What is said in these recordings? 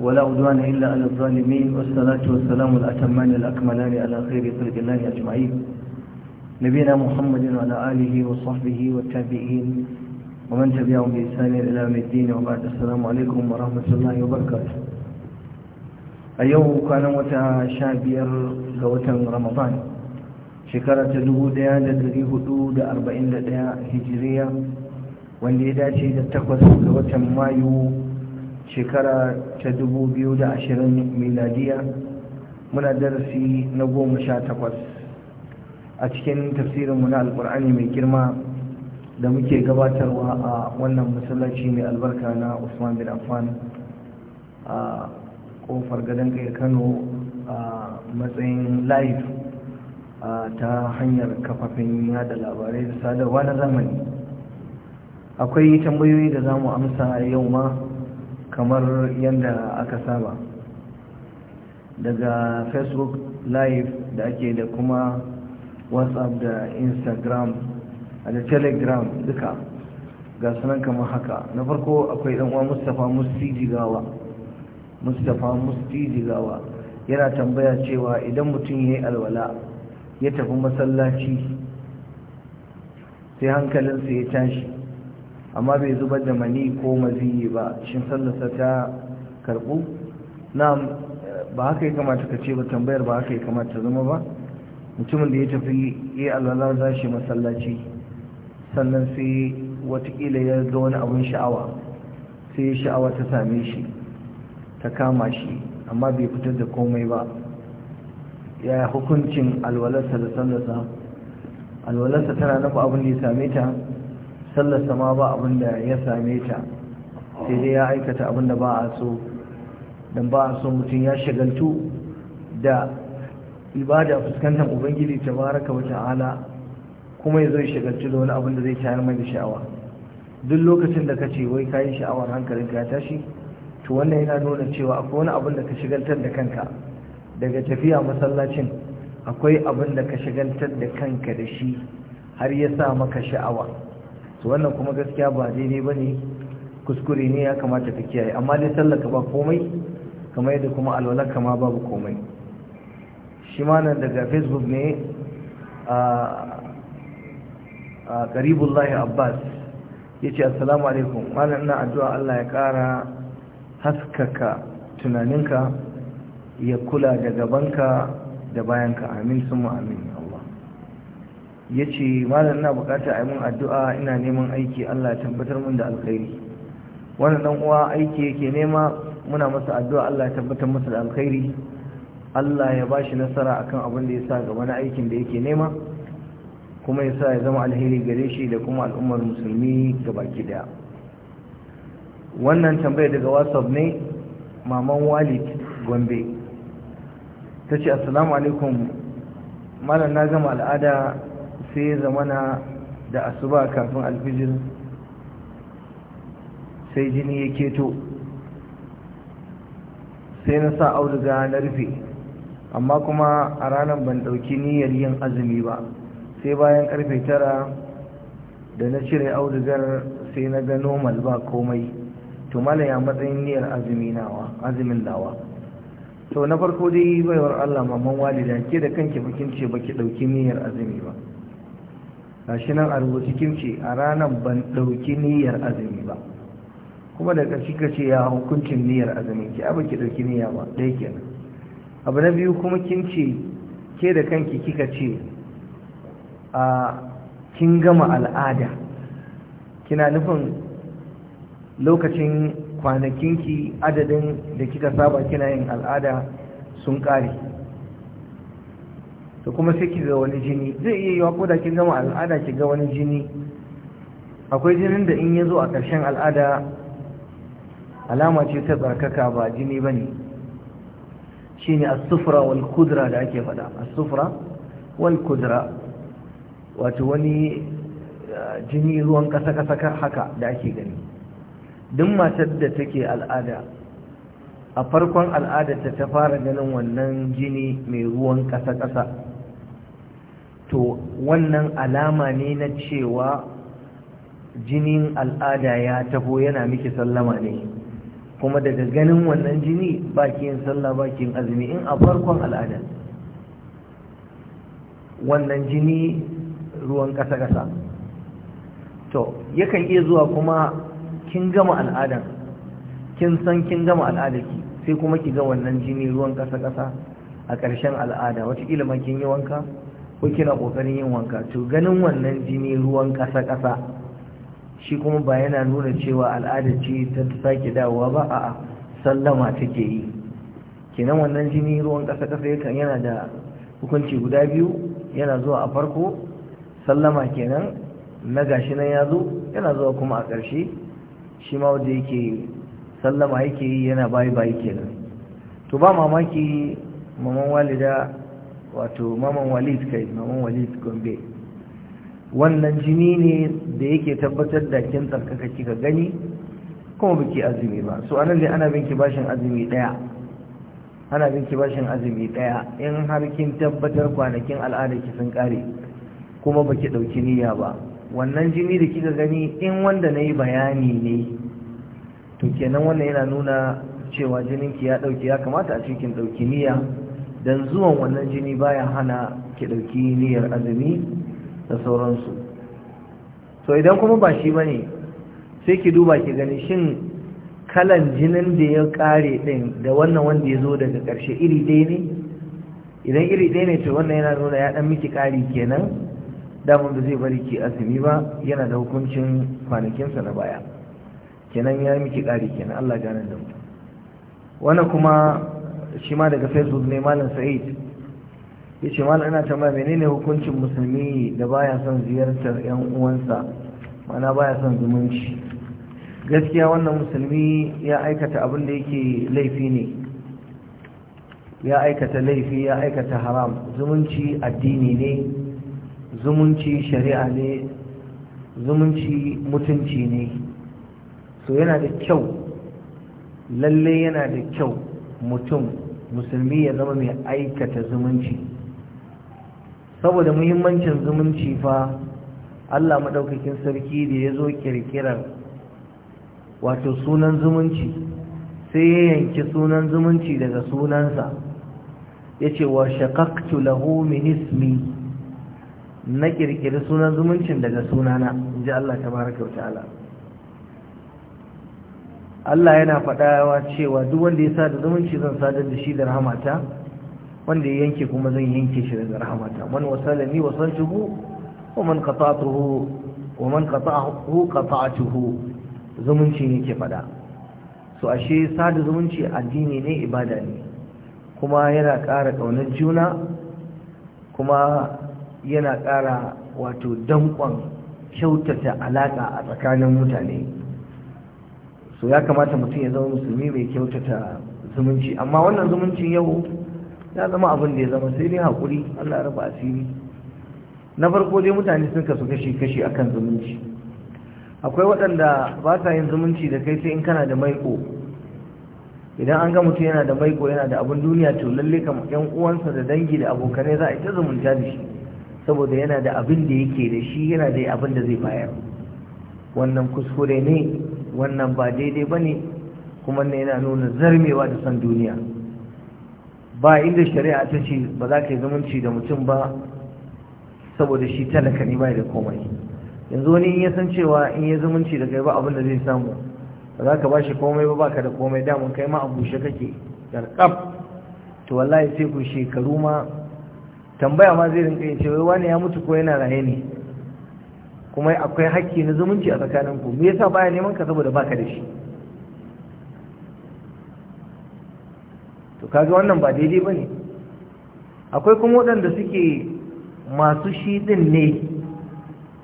ولا عدوان إلا على الظالمين والصلاة والسلام الأتمان الأكملان على خير خلق الله أجمعين نبينا محمد وعلى آله وصحبه والتابعين ومن تبعهم بإحسان إلى يوم الدين وبعد السلام عليكم ورحمة الله وبركاته أيوه كان متى شابير قوة رمضان shekara ta dubu da da da hudu arba'in 1441 hijiriya wanda ya dace da takwas ga watan mayu shekara ta 2020 miladiya muna darasi na goma sha takwas a cikin tafsirinmu na alkur'ani mai girma da muke gabatarwa a wannan masallaci mai albarka na usman bin affan a kofar gadon kai kano a matsayin live ta hanyar kafafen yada labarai da sadarwa na zamani akwai tambayoyi da za mu amsa yau ma kamar yadda aka saba daga facebook live da ake da kuma whatsapp da instagram da telegram duka ga sunan kamar haka na farko akwai ɗan'uwa mustapha musti jigawa mustapha musti yana tambaya cewa idan mutum ya yi alwala ya tafi masallaci sai hankalinsa ya tashi amma bai zubar da mani ko maziyi ba shin sallasa ta karbu na'am ba haka ya kamata ka ce ba tambayar ba haka ya kamata zama ba mutumin da ya tafi ya alwala za shi masallaci sannan sai watakila ya ga wani abin sha'awa sai sha'awa ta same shi ta kama shi amma bai fitar da komai ba ya hukuncin alwalarsa da sallasa alwalarsa tana nufa abin da ya same ta sallarsa ma ba abin da ya same ta sai dai ya aikata abin da ba a so don ba a so mutum ya shagaltu da ibada fuskantar ubangiji ta baraka wata ala, kuma ya zo shagaltu da wani abin zai tayar mai da sha'awa duk lokacin da ka ce wai ka yi sha'awar hankalinka ya tashi to wannan yana nuna cewa akwai wani abin da ka shagaltar da kanka daga tafiya masallacin akwai abin da ka shagaltar da kanka da shi har ya sa maka sha'awa to wannan kuma gaskiya ba daidai ba ne kuskure ne ya kamata ka kiyaye amma dai sallaka ba komai kamar yadda kuma alwala kama babu komai shi ma daga facebook ne a karibullahi abbas ya ce assalamu alaikum malam ina addu'a allah ya kara haskaka tunaninka ya kula da gabanka da bayanka amin sun amin ya ce malam na bukata a yi mun addu'a ina neman aiki Allah tabbatar mun da alkhairi wannan dan uwa aiki yake nema muna masa addu'a Allah tabbatar masa da alkhairi Allah ya bashi nasara akan abin da ya sa gaba na aikin da yake nema kuma ya sa ya zama alheri gare shi da kuma al'ummar musulmi ga baki daya wannan tambaya daga whatsapp ne maman walid gombe ta ce assalamu alaikum malam na gama al'ada sai zamana da asuba kafin alfijir sai jini ya keto sai na sa auduga na rufe amma kuma a ranar ban ɗauki niyyar yin azumi ba sai bayan karfe tara da na cire audugar sai na ga normal ba komai to malaya matsayin niyyar azumin nawa to na farko dai baiwar allah mamman walida ke da kanki bakin ce baki ɗauki niyyar azumi ba gashi nan a rubuci kimci a ranar ban ɗauki niyyar azumi ba kuma da ƙarshe ka ce ya hukuncin niyyar azumi ki abu ki ɗauki niyya ba ɗaya nan. abu na biyu kuma kin ke da kanki kika ce a kin gama al'ada kina nufin lokacin kwanakinki adadin da kika saba kina yin al'ada sun ƙare to kuma sai ki ga wani jini zai iya yiwa ko da kin gama al'ada ki ga wani jini akwai jinin da in ya zo a ƙarshen al'ada alama ce ta barkaka ba jini ba ne shi ne wal kudra da ake faɗa asufra wal kudra wato wani ah, jini ruwan ƙasa-ƙasa haka da ake gani duk matar da take al'ada a farkon al'ada ta fara ganin wannan jini mai ruwan ƙasa-ƙasa to wannan alama ne na cewa jinin al'ada ya taho yana miki sallama ne kuma daga ganin wannan jini bakin sallah bakin azumi in a farkon al'ada wannan jini ruwan ƙasa-ƙasa to yakan iya zuwa kuma kin gama al'adan kin san kin gama ki, sai kuma ki ga wannan jini ruwan ƙasa-ƙasa a ƙarshen al'ada wata ilimin kin yi wanka ko kina kokarin yin wanka to ganin wannan jini ruwan kasa kasa shi kuma ba yana nuna cewa al'ada ce ta sake dawowa ba a sallama take yi kenan wannan jini ruwan kasa kasa yakan yana da hukunci guda biyu yana zuwa a farko sallama kenan na gashi nan ya zo yana zuwa kuma a ƙarshe shi ma wanda yake sallama yake yi yana bayi bayi kenan to ba mamaki maman walida wato maman walid kai maman walid gombe wannan jini ne da yake tabbatar da kin tsarkaka kika gani kuma biki azumi ba so anan dai ana binki bashin azumi daya ana binki bashin azumi daya in har kin tabbatar kwanakin al'adarki sun kare kuma baki dauki niyya ba wannan jini da kika gani in wanda nayi bayani ne to kenan wannan yana nuna cewa jininki ya ɗauki ya kamata a cikin dauki niyya dan zuwan wannan jini baya hana ki ɗauki niyyar azumi da sauransu to idan kuma ba shi bane sai ki duba ki gani shin kalan jinin da ya kare din da wannan wanda ya daga karshe iri dai ne idan iri dai ne to wannan yana nuna ya dan miki ƙari kenan damun da zai bari ki azumi ba yana da hukuncin kwanakinsa na baya kenan ya miki ƙari kenan Allah gane da mu wannan kuma shi ma daga facebook ne malam sa'id ya ce malam ina tambaya menene hukuncin musulmi da baya son ziyartar yan uwansa mana baya son zumunci gaskiya wannan musulmi ya aikata abin da yake laifi ne ya aikata laifi ya aikata haram zumunci addini ne zumunci shari'a ne zumunci mutunci ne so yana da kyau lallai yana da kyau mutum musulmi ya zama mai aikata zumunci saboda muhimmancin zumunci fa Allah maɗaukakin sarki da ya zo kirkirar wato sunan zumunci sai ya yanki sunan zumunci daga sunansa ya ce wa shakaktu lahu min ismi na kirkiri sunan zumuncin daga sunana in ji Allah ta baraka wa ta'ala Allah yana faɗawa cewa duk wanda ya sada zumunci zan sadar da shi da rahamata wanda ya yanke kuma zan yanke shi da rahamata man wasalani wasaltuhu wa man qata'tuhu wa man qata'ahu qata'tuhu zumunci yake faɗa so ashe sada zumunci addini ne ibada ne kuma yana ƙara ƙaunar juna kuma yana ƙara wato danƙon kyautata alaƙa a tsakanin mutane so ya kamata mutum ya zama musulmi mai kyautata zumunci amma wannan zumuncin yau ya zama abin da ya zama sai dai haƙuri allah raba asiri na farko dai mutane sun kasu kashi-kashi akan zumunci akwai waɗanda ba sa yin zumunci da kai sai in kana da maiko idan an ga mutum yana da maiko yana da abin duniya to lalle ka yan uwansa da dangi da abokanai za a ita zumunta da shi saboda yana da abin da yake da shi yana da abin da zai bayar wannan kuskure ne wannan ba daidai ba ne kuma ne yana nuna zarmewa da san duniya ba inda shari'a ta ce ba za ka yi zumunci da mutum ba saboda shi talaka ne bai da komai yanzu wani in ya san cewa in ya zumunci da kai ba abin da zai samu ba za ka ba shi komai ba baka da komai damun kai ma a bushe kake garkaf to wallahi sai ku shekaru ma tambaya ma zai rinka yin cewa wani ya mutu ko yana raye ne kuma akwai hakki na zumunci a tsakanin ku me yasa baya neman ka saboda baka da shi to kaga wannan ba daidai bane akwai kuma waɗanda suke masu shi din ne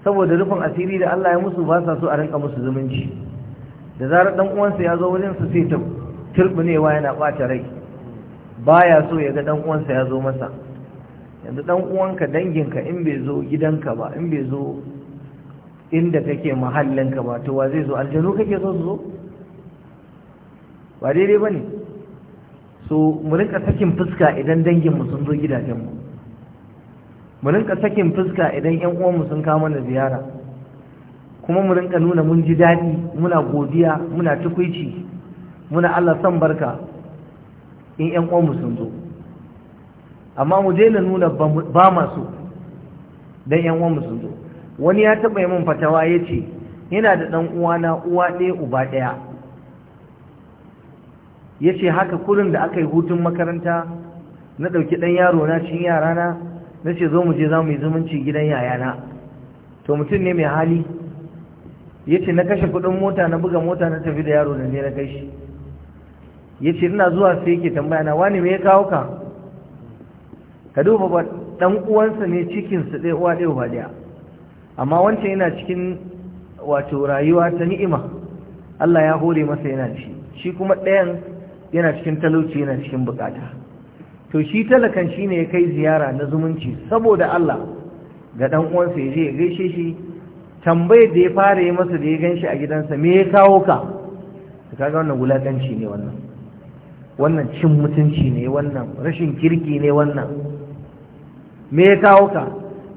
saboda rufin asiri da Allah ya musu ba sa so a rinka musu zumunci da zarar dan uwansa ya zo wurin su sai ta turbunewa yana bata rai baya so ya ga dan uwansa ya zo masa yanzu dan uwanka danginka in bai zo gidanka ba in bai zo inda kake mahallinka ba to wa zai zo aljanu kake so su zo ba daidai ba ne so mu rinka sakin fuska idan danginmu sun zo gidajenmu mu rinka sakin fuska idan yan uwanmu sun kama na ziyara kuma mu rinka nuna mun ji daɗi muna godiya muna tukuici muna Allah san barka in yan uwanmu sun zo amma mu daina nuna ba masu don yan uwanmu sun zo wani ya taɓa yi min fatawa ya ce yana da ɗan uwana uwa ɗaya uba ɗaya ya ce haka kurin da aka yi hutun makaranta na ɗauki ɗan yaro na cin yarana na ce zo mu je za mu yi zumunci gidan yayana to mutum ne mai hali ya ce na kashe kuɗin mota na buga mota na tafi da yaro na ne na kai shi ya ce ina zuwa sai yake tambaya na wani me ya kawo ka ka duba ba ɗan uwansa ne cikinsa ɗaya uwa ɗaya uba ɗaya amma wancan yana cikin wato rayuwa ta ni'ima Allah ya hore masa yana ci shi kuma ɗayan yana cikin talauci yana cikin bukata to shi talakan shi ne ya kai ziyara na zumunci saboda Allah ga ɗan uwansa ya je ya gaishe shi tambayar da ya fara yi masa da ya shi a gidansa me ya kawo ka Ka kaga wannan wulaƙanci ne wannan wannan cin mutunci ne wannan rashin kirki ne wannan me ya kawo ka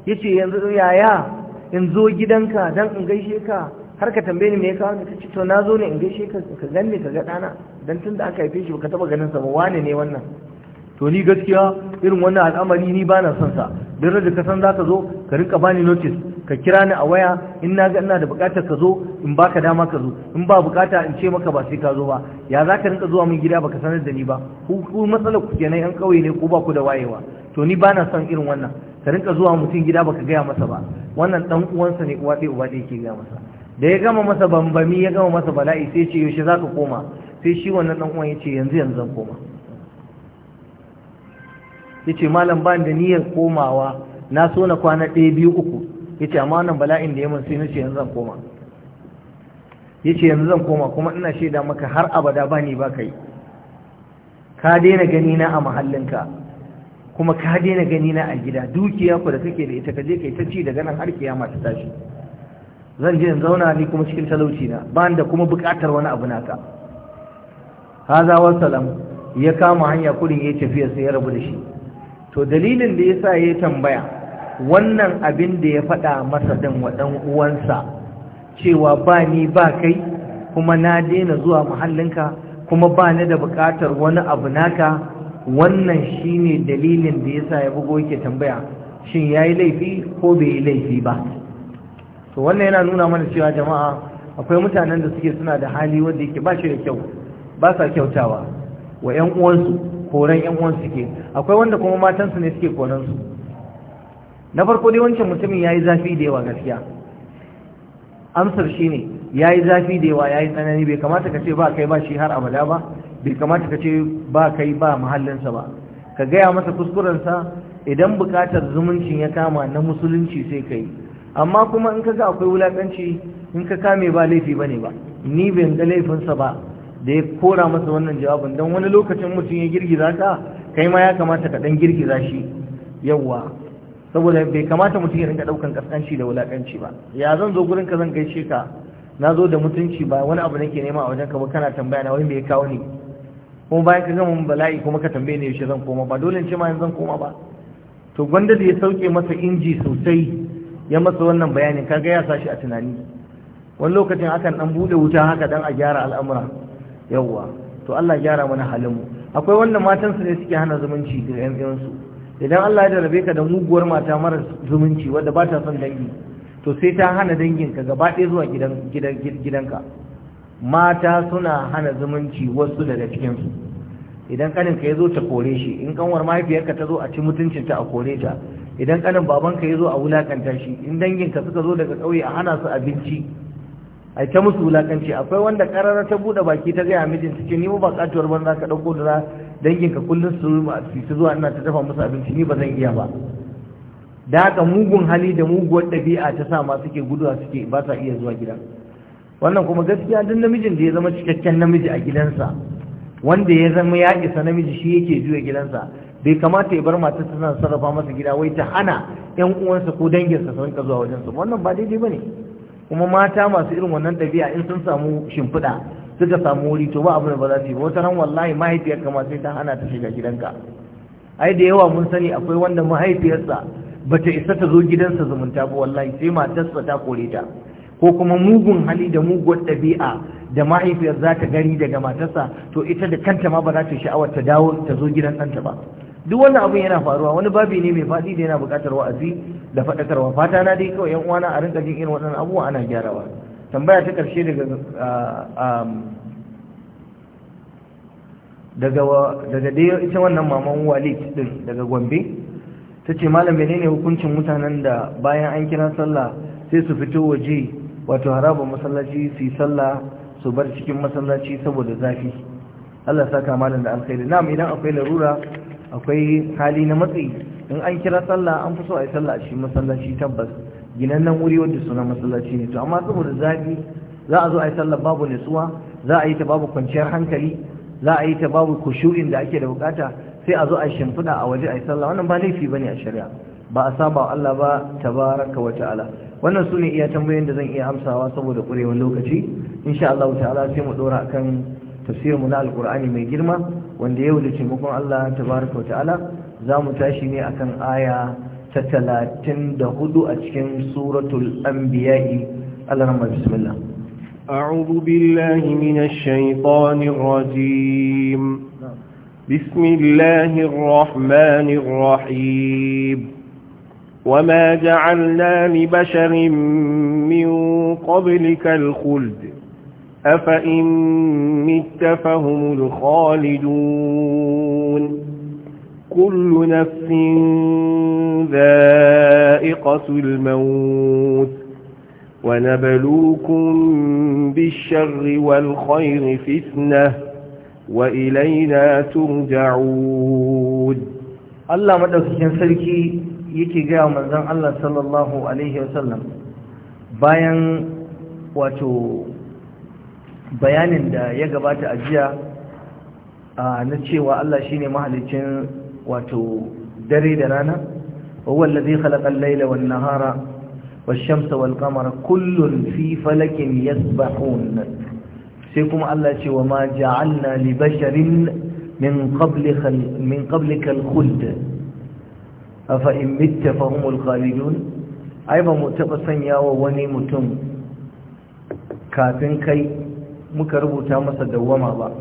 yace yanzu yaya in zo gidanka don in gaishe ka har ka tambaye ni me kawo ne ka ci to na zo ne in gaishe ka ka ganne ka ga dana tun da aka haife shi ka taba ganin sa ba wane ne wannan to ni gaskiya irin wannan al'amari ni bana son sa don da ka san za ka zo ka rinka bani notis ka kira ni a waya in na ga ina da bukatar ka zo in baka dama ka zo in ba bukata in ce maka ba sai ka zo ba ya za ka rinka zuwa min gida ba ka sanar da ni ba ku ku matsalar ku kenan yan kauye ne ko ba ku da wayewa to ni bana son irin wannan ka rinka zuwa mutum gida ba ka gaya masa ba wannan dan uwansa ne uwa dai uba dai ke ga masa da ya gama masa bambami ya gama masa bala'i sai ce yaushe za ka koma sai shi wannan dan uwan ya ce yanzu yanzu zan koma ya ce malam ba da niyyar komawa na so na kwana ɗaya biyu uku ya ce amma wannan bala'in da ya mun sai na ce yanzu zan koma ya ce yanzu zan koma kuma ina shaida maka har abada ba ni ba kai ka daina gani na a mahallinka kuma ka daina gani na a gida dukiya ku da kake da ita ka je kai ta ci daga nan har kiyama ta tashi zan je in zauna ni kuma cikin talauci na ba da kuma buƙatar wani abu naka haza Salam ya kama hanya kudin ya tafiya sai ya rabu da shi to dalilin da yasa ya tambaya wannan abin da ya faɗa masa dan uwansa cewa ba ni ba kai kuma na daina zuwa mahallinka kuma ba ni da buƙatar wani abu naka wannan shine dalilin da yasa ya bugo yake tambaya shin yayi laifi ko bai yi laifi ba to wannan yana nuna mana cewa jama'a akwai mutanen da suke suna da hali wanda yake ba shi da kyau ba sa kyautawa wa ƴan uwansu koran ƴan uwansu ke akwai wanda kuma matansu ne suke koran su na farko dai wancan mutumin yayi zafi da yawa gaskiya amsar shine yayi zafi da yawa yayi tsanani bai kamata ka ce ba kai ba shi har abada ba bai kamata ka ce ba kai ba mahallinsa ba ka gaya masa kuskurensa idan bukatar zumuncin ya kama na musulunci sai ka amma kuma in ka ga akwai wulakanci in ka kame ba laifi ba ne ba ni ban ga laifinsa ba da ya kora masa wannan jawabin don wani lokacin mutum ya girgiza ka kai ma ya kamata ka dan girgiza shi yawwa saboda bai kamata mutum ya rinka daukan kaskanci da wulakanci ba ya zan zo gurin ka zan gaishe ka na zo da mutunci ba wani abu nake nema a wajen ka ba kana tambaya na wani bai ya kawo ni kuma bayan ka gama bala'i kuma ka tambaye ne yaushe zan koma ba dole ce ma yanzu zan koma ba to gwanda da ya sauke masa inji sosai ya masa wannan bayanin kaga ya sashi a tunani wani lokacin akan dan bude wuta haka dan a gyara al'amura yawwa to Allah gyara mana halin mu akwai wanda matansu ne suke hana zumunci da yan su idan Allah ya darabe ka da muguwar mata mara zumunci wadda ba ta son dangi to sai ta hana danginka gaba ɗaya zuwa gidanka mata suna hana zumunci wasu daga cikinsu idan kaninka ya zo ta kore shi in kanwar mahaifiyarka ta zo a ci mutuncinta a kore ta idan kanin babanka ya zo a wulakanta shi in danginka suka zo daga ƙauye a hana su abinci a ta musu wulakanci akwai wanda karara ta buɗe baki ta gaya mijin ta ce ni ba katuwar banza ka ɗauko da danginka kullum su su zuwa ina ta dafa musu abinci ni ba zan iya ba da haka mugun hali da muguwar ɗabi'a ta sa ma suke guduwa suke ba sa iya zuwa gidan wannan kuma gaskiya duk namijin da ya zama cikakken namiji a gidansa wanda ya zama ya isa namiji shi yake juya gidansa bai kamata ya bar matar tana sarrafa masa gida wai ta hana yan uwansa ko danginsa su ka zuwa wajensu. wannan ba daidai bane kuma mata masu irin wannan ɗabi'a in sun samu shimfiɗa suka samu wuri to ba abin da ba za su yi ba wata ran wallahi mahaifiyar kama sai ta hana ta shiga gidanka ai da yawa mun sani akwai wanda mahaifiyarsa bata isa ta zo gidansa zumunta ba wallahi sai matarsa ta kore ta ko kuma mugun hali da mugun ɗabi'a da mahaifiyar za ta gani daga matarsa to ita da kanta ma ba za ta sha'awar ta dawo ta zo gidan ɗanta ba duk wannan abin yana faruwa wani babi ne mai faɗi da yana buƙatar wa'azi da faɗakarwa fata na dai kawai yan uwana a rinka jin irin waɗannan abubuwa ana gyarawa tambaya ta ƙarshe daga ah, daga daga dai ita wannan maman walid din daga gombe ta ce malam menene hukuncin mutanen da bayan an kira sallah sai su fito waje wato haraba masallaci su yi sallah su bar cikin masallaci saboda zafi Allah saka malam da alkhairi Na idan akwai larura akwai hali na matsi in an kira sallah an fi so a yi sallah a cikin masallaci tabbas nan wuri wanda suna masallaci ne to amma saboda zafi za a zo a yi sallah babu nutsuwa za a yi ta babu kwanciyar hankali za a yi ta babu kushu'in da ake da bukata sai a zo a shimfiɗa a waje a yi sallah wannan ba laifi bane a shari'a ba a saba Allah ba tabaraka wa ta'ala wannan su ne iya tambayoyin da zan iya amsawa saboda ƙurewar lokaci insha Allah ta'ala sai mu dora kan tafsirin mu na Alƙur'ani mai girma wanda yau da taimakon Allah tabaraka ta'ala za mu tashi ne akan aya ta talatin da hudu a cikin suratul anbiya'i Allah rahma bismillah أعوذ بالله من الشيطان الرجيم بسم الله الرحمن الرحيم وما جعلنا لبشر من قبلك الخلد أفإن مت فهم الخالدون كل نفس ذائقة الموت ونبلوكم بالشر والخير فتنة وإلينا ترجعون الله مدوكي كان yake gaya manzon Allah sallallahu alaihi wasallam bayan wato bayanin da ya gabata a jiya na cewa Allah shine mahalicin wato dare da rana huwa allazi khalaqa al Layla wan-nahara wash-shamsa wal-qamara kullun fi falakin yasbahun sai kuma Allah ce wa ma ja'alna li basharin min qabli min qablika al-khuld afa in mitta fa humul khalidun ai ba mu taba sanyawa wani mutum kafin kai muka rubuta masa dawama ba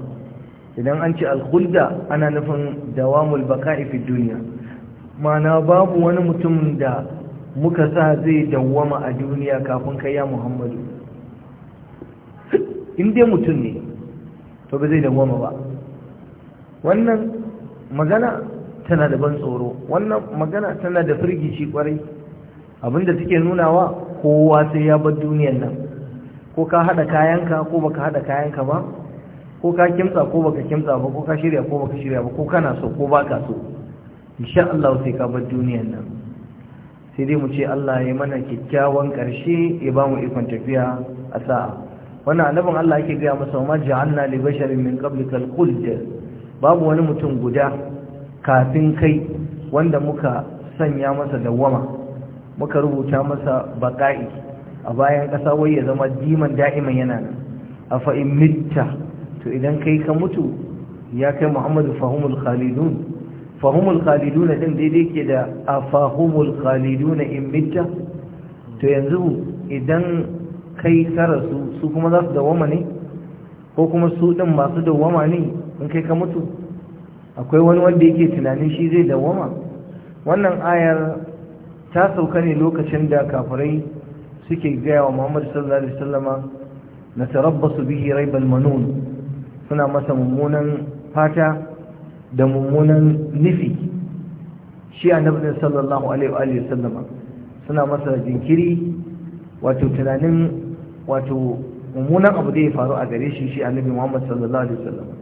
idan an ci alkhulda ana nufin dawamul baqa'i fi dunya mana babu wani mutum da muka sa zai dawama a duniya kafin kai ya muhammadu in dai mutum ne to ba zai dawama ba wannan magana tana da ban tsoro wannan magana tana da firgici kwarai abinda take nunawa kowa sai ya bar duniyar nan ko ka hada kayanka ko baka hada kayanka ba ko ka kimtsa ko baka kimtsa ba ko ka shirya ko baka shirya ba ko kana so ko baka so insha Allah sai ka bar duniyar nan sai dai mu ce Allah ya mana kikkiawan karshe ya ba mu ikon tafiya a sa'a wannan annabin Allah yake ga masa ma ja'alna li basharin min qablikal khuld babu wani mutum guda kafin kai wanda muka sanya masa dawama, muka rubuta masa baƙa'i a bayan ƙasa wai ya zama diman da'iman yana nan a fa'in mitta to idan kai ka mutu ya kai muhammadu fahimul khalidun fahimul khalidun din daidai ke da a fahimul khalidun in mitta to yanzu idan kai ka rasu su kuma za su dawwama ne ko kuma su ɗin masu dawama ne in kai ka mutu akwai wani wanda yake tunanin shi zai dawoma wannan ayar ta sauka ne lokacin da kafirai suke gaya wa muhammadu sallallahu alaihi wasallama na tarabbasu bihi raibal manun suna masa mummunan fata da mummunan nufi shi annabi sallallahu alaihi wasallama suna masa jinkiri wato tunanin wato mummunan abu da ya faru a gare shi shi annabi muhammad sallallahu alaihi wasallama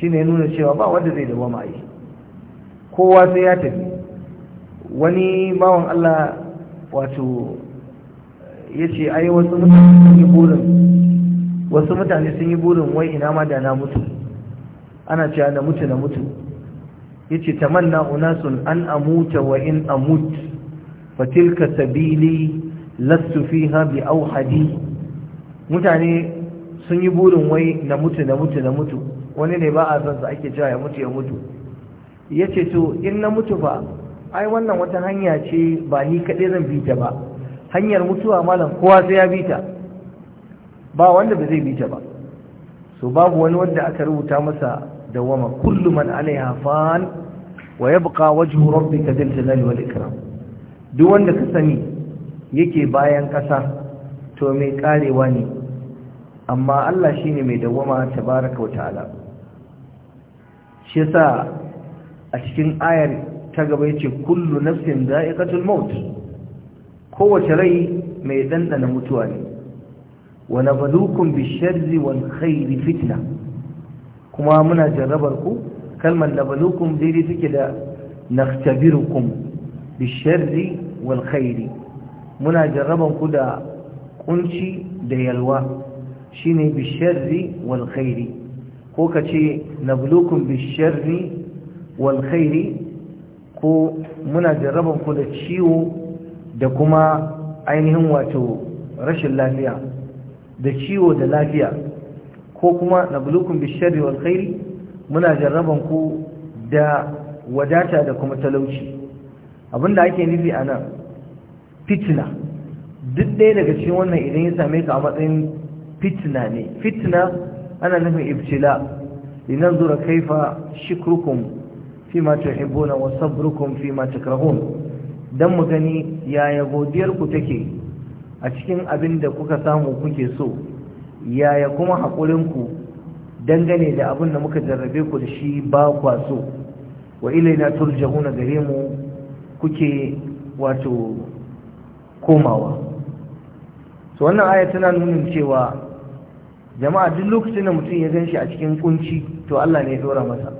shi ne nuna cewa ba wanda zai dawama a yi kowa sai ya tafi wani bawan Allah wato ya ce ai wasu mutane sun yi burin wasu mutane sun yi burin wai ina ma da na mutu ana cewa na mutu na mutu ya ce ta tamanna unasun an amuta wa in amut fatilka sabili lastu fiha bi auhadi mutane sun yi burin wai na mutu na mutu na mutu wani ne ba a son sa ake cewa ya mutu ya mutu yace to in na mutu fa ai wannan wata hanya ce ba ni kaɗai zan bi ta ba hanyar mutuwa malam kowa sai ya bi ta ba wanda ba zai bi ta ba so babu wani wanda aka rubuta masa dawama kullu man alaiha fan wa yabqa wajhu rabbika dhil jalali wal ikram duk wanda ka sani yake bayan ƙasa to mai karewa ne amma Allah shine mai dawama tabaraka wa ta'ala shi yasa a cikin ayar ta gaba yace kullu nafsin da'iqatul maut kowace rai mai dandana mutuwa ne wa nabluukum bish-sharri wal fitna kuma muna jarrabar ku kalmar nabluukum daidai take da nakhtabirukum bish-sharri wal muna jarraban ku da kunci da yalwa shine bish-sharri wal khairi ko ka ce nablukum bisharri wal ko muna jarraban ku da ciwo da kuma ainihin wato rashin lafiya da ciwo da lafiya ko kuma nablukum bisharri wal muna jarraban ku da wadata da kuma talauci abinda ake nufi anan fitina duk ɗaya daga cikin wannan idan ya same ka a matsayin fitina ne fitina. ana nufin ibtila linanzura kaifa shukrukum fima tuhibbuna wa sabrukum fima takrahun dan mu gani yaya godiyar ku take a cikin abin da kuka samu kuke so yaya kuma hakurin ku dangane da abin da muka jarrabe ku da shi ba kwa so na ilaina turja'una gare mu kuke wato komawa so wannan aya tana nunin cewa jama'a duk lokacin da mutum ya gan shi a cikin kunci to Allah ne ya dora masa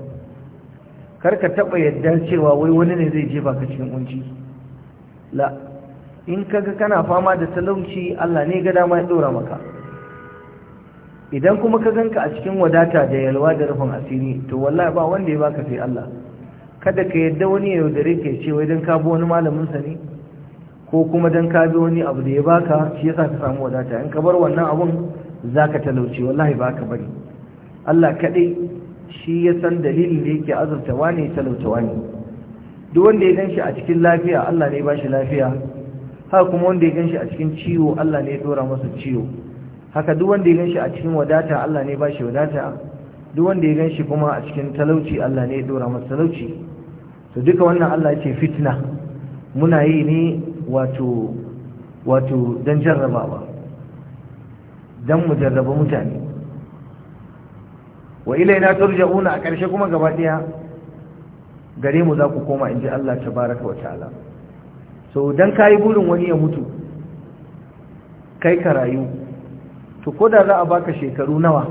kar ka taɓa yadda cewa wai wani ne zai jefa ka cikin kunci la in kaga kana fama da talauci Allah ne ga dama ya dora maka idan kuma ka ganka a cikin wadata da yalwa da rufin asiri to wallahi ba wanda ya baka sai Allah kada ka yadda wani ya yaudare ka ce wai dan ka bi wani malamin sa ne ko kuma dan ka bi wani abu da ya baka shi yasa ka samu wadata in ka bar wannan abun za ka talauce wallahi ba ka bari Allah kaɗai shi ya san dalilin da yake azurtawa ne talautawa ne duk wanda ya ganshi a cikin lafiya Allah ne ba shi lafiya haka kuma wanda ya ganshi a cikin ciwo Allah ne ya dora masa ciwo haka duk wanda ya ganshi a cikin wadata Allah ne ba shi wadata duk wanda ya ganshi kuma a cikin talauci Allah ne ya dora masa talauci to duka wannan Allah ya ce fitna muna yi ne wato wato dan jarrabawa don mu jarraba mutane wa ilaina turja'una a ƙarshe kuma gaba ɗaya gare mu za ku koma in ji Allah tabaraka wa ta'ala so dan kayi burin wani ya mutu kai ka rayu to ko da za a baka shekaru nawa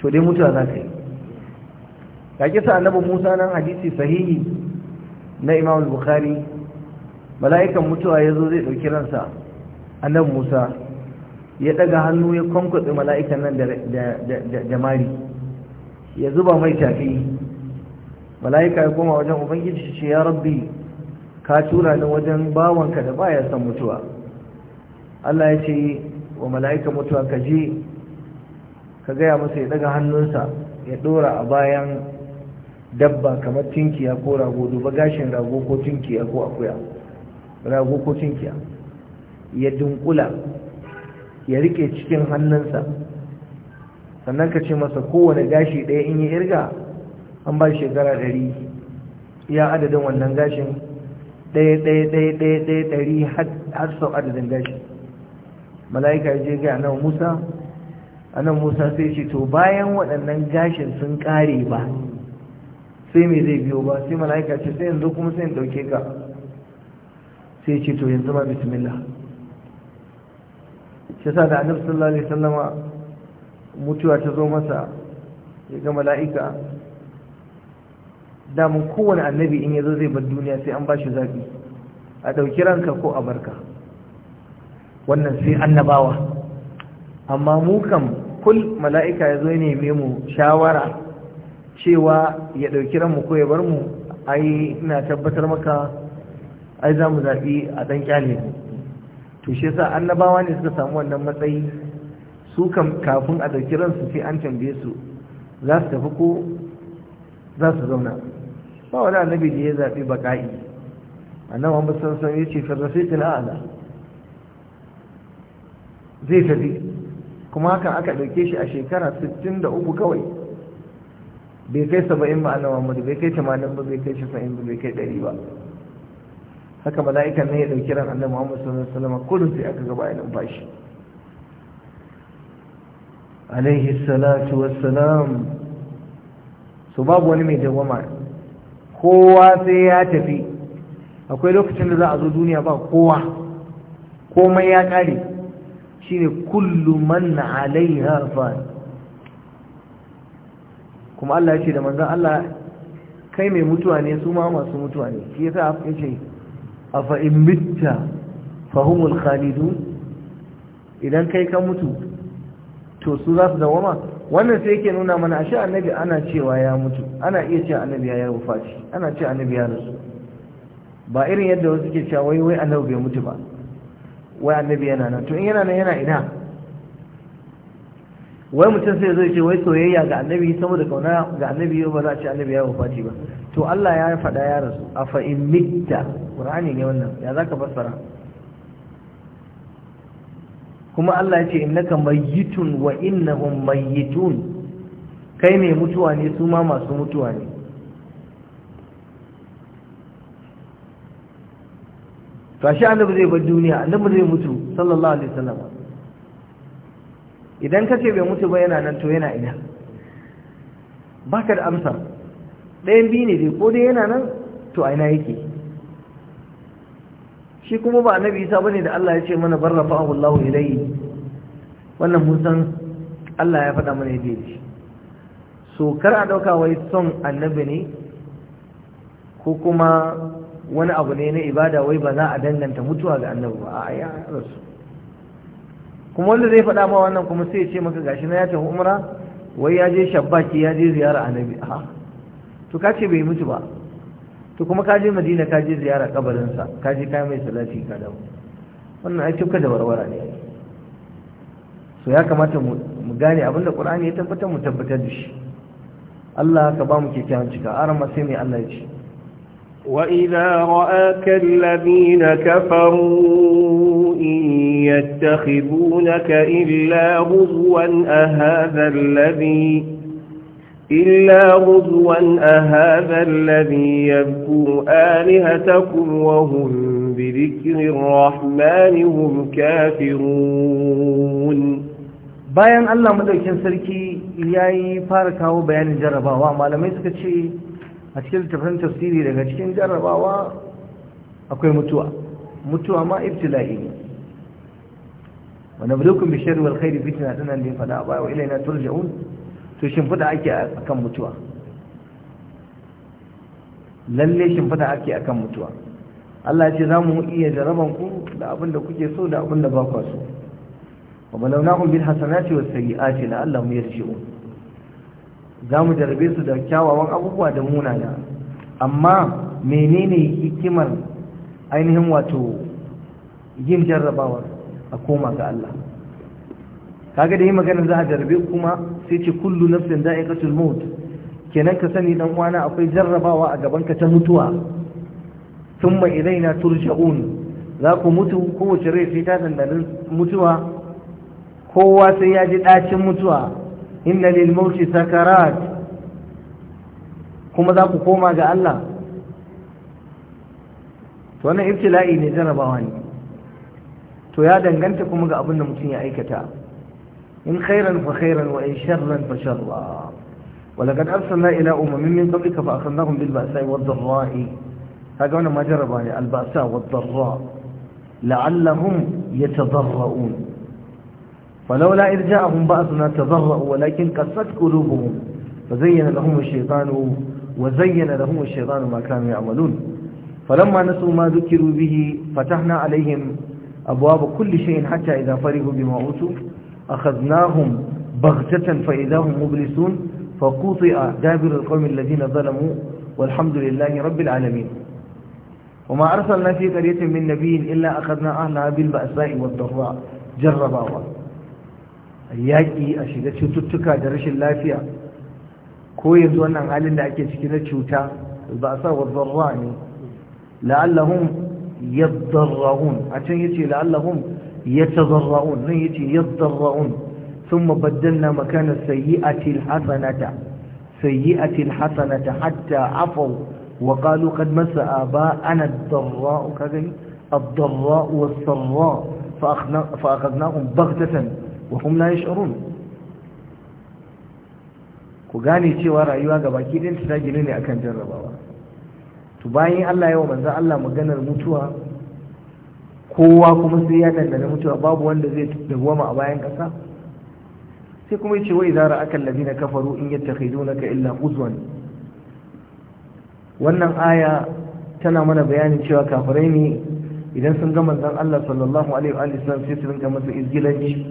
to dai mutuwa za ka yi ya kisa annabi Musa nan hadisi sahihi na Imam Bukhari mala'ikan mutuwa ya zo zai ɗauki ransa annabi Musa ya daga hannu ya kwankwatsa mala'ikan nan da mari ya zuba mai tafi mala'ika ya koma wajen ubangiji ce ya rabbi ka tura ni wajen bawanka da baya son mutuwa Allah ya ce wa mala'ika mutuwa ka je ka gaya masa ya daga hannunsa ya dora a bayan dabba kamar tinkiya ko rago duba gashin rago ko tinkiya ko akuya rago ko tinkiya ya dunkula ya rike cikin hannunsa sannan ka ce masa kowane gashi ɗaya in yi irga an ba shekara ɗari ya adadin wannan gashin ɗaya ɗaya ɗaya ɗaya ɗaya ɗari har sau adadin gashi mala'ika ya je gaya nan musa anan musa sai ce to bayan waɗannan gashin sun ƙare ba sai mai zai biyo ba sai mala'ika ce sai yanzu kuma sai in ɗauke ka sai ce to yanzu ma bismillah shi sa da annabi sallallahu alaihi wasallama mutuwa ta zo masa ya ga mala'ika mun kowane annabi in yazo zai bar duniya sai an bashi zabi a dauki ranka ko a barka wannan sai annabawa amma mu kam kul mala'ika yazo ya neme mu shawara cewa ya dauki ranmu ko ya bar mu ai ina tabbatar maka ai za mu zabi a dan kyale to shi yasa annabawa ne suka samu wannan matsayi su kam kafin a ɗauki ransu sai an tambaye su za su tafi ko za su zauna ba wani annabi da ya zaɓi baƙa'i annabi an basan san ya ce firrafiƙi la'ala zai tafi kuma haka aka ɗauke shi a shekara 63 kawai bai kai 70 ba annabi bai kai 80 ba bai kai 90 ba bai kai 100 ba haka mala'ikan ne ya dauki ran annabi Muhammad sallallahu alaihi wasallam kullum sai aka gaba ya numfashi alaihi salatu wassalam so babu wani mai dawama kowa sai ya tafi akwai lokacin da za a zo duniya ba kowa komai ya kare shine kullu man alaiha fa kuma Allah ya ce da manzon Allah kai mai mutuwa ne su ma masu mutuwa ne shi yasa ya ce afa in mitta fahumul khalidun idan kai ka mutu to su za su dawama wannan sai yake nuna mana ashe annabi ana cewa ya mutu ana iya cewa annabi ya yawo faci ana cewa annabi ya rasu ba irin yadda wasu ke cewa wai wai annabi bai mutu ba wai annabi yana nan to in yana nan yana ina wai mutum sai zai ce wai soyayya ga annabi saboda kauna ga annabi yau ba za a ce annabi ya yawo faci ba to Allah ya faɗa ya rasu a fa'in mita ƙura'ani ne wannan ya za ka fassara kuma Allah ya ce innaka mayitun wa innahum mayitun kai mai mutuwa ne su ma masu mutuwa ne ta shi annabi zai bar duniya annabu zai mutu sallallahu alaihi wasallam idan kace bai mutu ba yana nan to yana ina Ba ka da amsa ɗayan biyu ne dai ko dai yana nan to aina yake shi kuma ba annabi isa bane da Allah ya ce mana barrafa Allahu ilayhi wannan mun san Allah ya faɗa mana yadda yake so kar a dauka wai son annabi ne ko kuma wani abu ne na ibada wai ba za a danganta mutuwa ga annabi ba a ya rasu kuma wanda zai faɗa ma wannan kuma sai ya ce maka gashi na ya tafi umra wai ya je shabbaki ya je ziyara annabi a'a to ka ce bai mutu ba to kuma ka je madina ka je ziyara kabarinsa ka je kai mai salati ka dawo wannan ai tuka da warwara ne so ya kamata mu gane abinda qur'ani ya tabbatar mu tabbatar da shi Allah ka ba mu kyakkyawan cika aran sai mai Allah ya ce وإذا رآك الذين كفروا إن يتخذونك إلا هزوا أهذا الذي إلا غزوا أهذا الذي يبكو آلهتكم وهم بذكر الرحمن هم كافرون bayan Allah madaukin sarki yayi fara kawo bayanin jarrabawa malamai suka ce a cikin tafsirin tafsiri daga cikin jarrabawa akwai mutuwa mutuwa ma ibtila'i ne wa nabluukum bishirri wal khairi fitna dinan li fada wa ilayna turja'un to shimfiɗa ake akan mutuwa lalle shimfiɗa ake akan mutuwa Allah ce za mu iya jaraban ku da abin da kuke so da abin da ba kwa so wa balawnahum bil hasanati was sayyiati la Allah mu yarji'u za mu jarabe su da kyawawan abubuwa da munana amma menene hikimar ainihin wato yin jarrabawa a koma ga Allah kaga da yi maganar za a jarabe kuma sai ce kullu nafsin da'iqatul maut kenan ka sani dan uwana akwai jarrabawa a gaban ka ta mutuwa thumma ilaina turja'un za ku mutu kowace rai sai ta dandanin mutuwa kowa sai ya ji dacin mutuwa inna lil mauti sakarat kuma za ku koma ga Allah to wannan ibtila'i ne jarrabawa ne to ya danganta kuma ga abin da mutum ya aikata إن خيرا فخيرا وإن شرا فشرا ولقد أرسلنا إلى أمم من قبلك فأخذناهم بالبأساء والضراء هذا ما جرب يعني البأساء والضراء لعلهم يتضرؤون فلولا إذ جاءهم بأسنا تضرؤوا ولكن قست قلوبهم فزين لهم الشيطان وزين لهم الشيطان ما كانوا يعملون فلما نسوا ما ذكروا به فتحنا عليهم أبواب كل شيء حتى إذا فرغوا بما أوتوا أخذناهم بغتة فإذا هم مبلسون فقطع دابر القوم الذين ظلموا والحمد لله رب العالمين وما أرسلنا في قرية من نبي إلا أخذنا أهلها بالبأساء والضراء جرباوا yaki a shiga cututtuka da rashin lafiya ko yanzu wannan halin da ake ciki na cuta ba sa wa zarra ne la'allahum yadarrahun a can yace la'allahum يتضرعون نيتي يتضرعون ثم بدلنا مكان السيئة الحسنة سيئة الحسنة حتى عفوا وقالوا قد مس آباءنا الضراء كذلك الضراء والسراء فأخذناهم بغتة وهم لا يشعرون ku gane cewa rayuwa ga baki ɗin ta gini ne akan jarrabawa to bayan Allah yawa manzo Allah maganar mutuwa kowa kuma sai ya dandana mutuwa babu wanda zai dawwama a bayan ƙasa sai kuma yace wai zara akal ladina kafaru in ka illa uzwan wannan aya tana mana bayanin cewa kafirai ne idan sun gama zan Allah sallallahu alaihi wa sallam sai su rinka masa izgilanci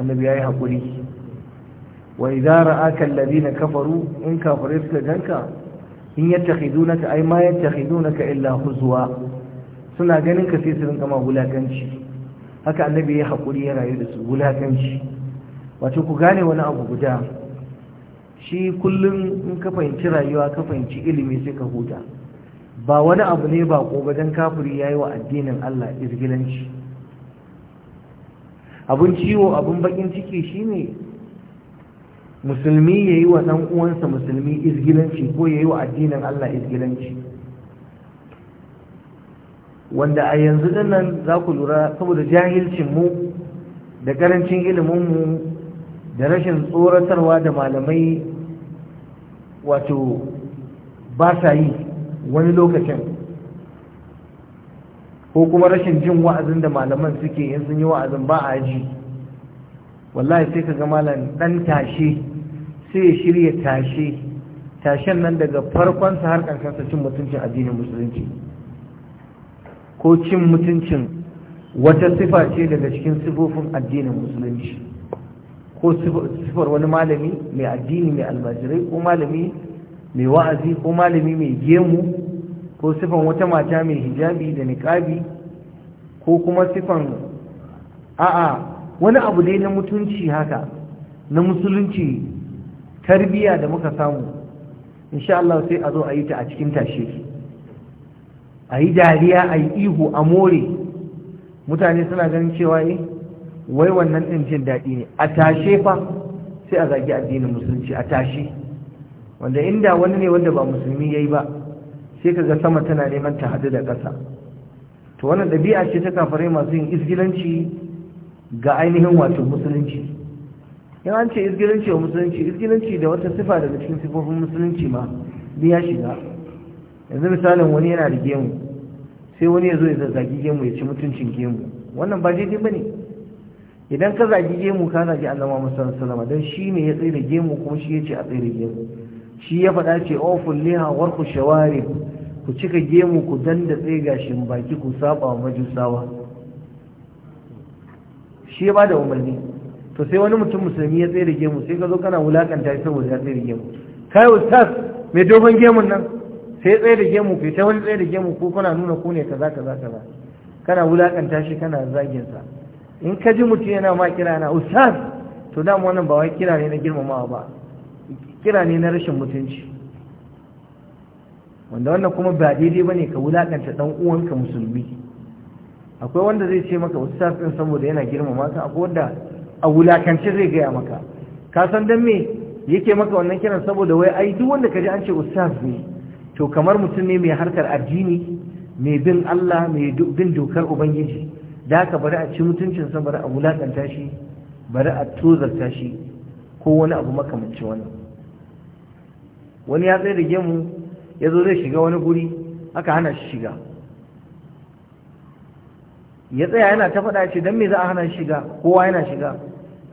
annabi yayi hakuri wa idza ra'aka alladhina kafaru in kafirai suka ganka in yattakhidunaka ay ma ka illa huzwa suna ganin ka sai su rinka ma wulakanci haka annabi ya haƙuri ya rayu da su wulakanci wato ku gane wani abu guda shi kullum in ka fahimci rayuwa ka fahimci ilimi sai ka huta ba wani abu ne ba ko bajan kafiri yi wa addinin Allah izgilanci abun ciwo abun bakin ciki shine musulmi ya yi wa ɗan uwansa musulmi izgilanci ko ya yi wa addinin Allah izgilanci wanda a yanzu nan za ku lura saboda jahilcinmu da karancin iliminmu da rashin tsoratarwa da malamai wato ba sa yi wani lokacin ko kuma rashin jin wa'azin da malaman suke in sun yi wa'azin ba a ji wallahi sai ka ga malam dan tashe sai ya shirya tashe tashen nan daga farkonsa har ƙarshensa cin mutuncin addinin musulunci ko cin mutuncin wata sifa ce daga cikin sifofin addinin musulunci ko sifar wani malami mai addini mai almajirai ko malami mai wa'azi ko malami mai gemu ko sifan wata mata mai hijabi da niƙabi ko kuma sifan a'a wani abu dai na mutunci haka na musulunci tarbiya da muka samu insha Allah sai a zo a yi ta a cikin tashe a yi dariya a yi ihu a more mutane suna ganin cewa yi eh, wai wannan ɗin jin daɗi ne a tashe fa sai a zagi addinin musulunci a tashe wanda inda wani ne wanda ba musulmi ya yi ba sai ka ga sama tana neman ta hadu da ƙasa to wannan ɗabi'a ce ta kafare masu yin izgilanci ga ainihin wato musulunci yana an ce izgilanci wa musulunci izgilanci da wata sifa daga cikin sifofin musulunci ma duk ya shiga yanzu misalin wani yana da gemu sai wani ya zo ya zazzagi gemu ya ci mutuncin gemu wannan ba daidai ba ne idan ka zagi gemu ka zagi annama musamman salama don shi ne ya tsere gemu kuma shi ya ce a tsere gemu shi ya faɗa ce ofin oh, liha warku shawari ku cika gemu ku danda tsega shin baki ku saba wa majusawa shi ya ba da umarni to sai wani mutum musulmi ya tsere gemu sai ka zo kana wulakanta saboda ya tsere gemu kai ustaz mai dogon gemun nan sai tsaye da gemu kai ta wani tsaye da gemu ko kana nuna ku ne kaza kaza kaza kana wulakanta shi kana zagin sa in ka ji mutum yana ma kira na ustaz to da mu wannan ba wai kira ne na girmamawa ba kira ne na rashin mutunci wanda wannan kuma ba daidai ne ka wulakanta dan uwanka musulmi akwai wanda zai ce maka ustaz din saboda yana girmama ka akwai wanda a wulakance zai gaya maka ka san dan me yake maka wannan kiran saboda wai ai duk wanda ka ji an ce ustaz ne to kamar mutum ne mai harkar addini mai bin Allah mai bin dokar ubangiji da ka bari a ci mutuncinsa bari a wulakanta shi bari a tozarta shi ko wani abu makamanci wani wani ya tsaye da gemu ya zo zai shiga wani guri aka hana shi shiga ya tsaya yana ta faɗa ce don me za a hana shiga kowa yana shiga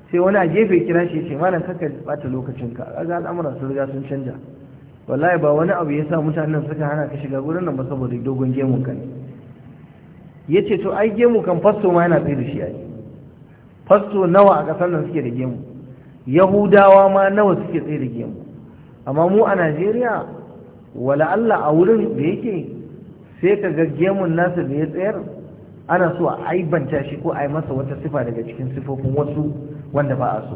sai wani a gefe kira shi ce malam kaka bata lokacinka ga al'amuran sun riga sun canja wallahi ba wani abu ya sa mutanen suka hana ka shiga gurin nan ba saboda dogon gemu kan ya ce to ai gemu kan fasto ma yana tsaye da shi ai fasto nawa a ƙasar nan suke da gemu yahudawa ma nawa suke tsaye da gemu amma mu a najeriya wala allah a wurin da yake sai ka ga gemun nasa da ya tsayar ana so a aibanta shi ko a yi masa wata sifa daga cikin sifofin wasu wanda ba a so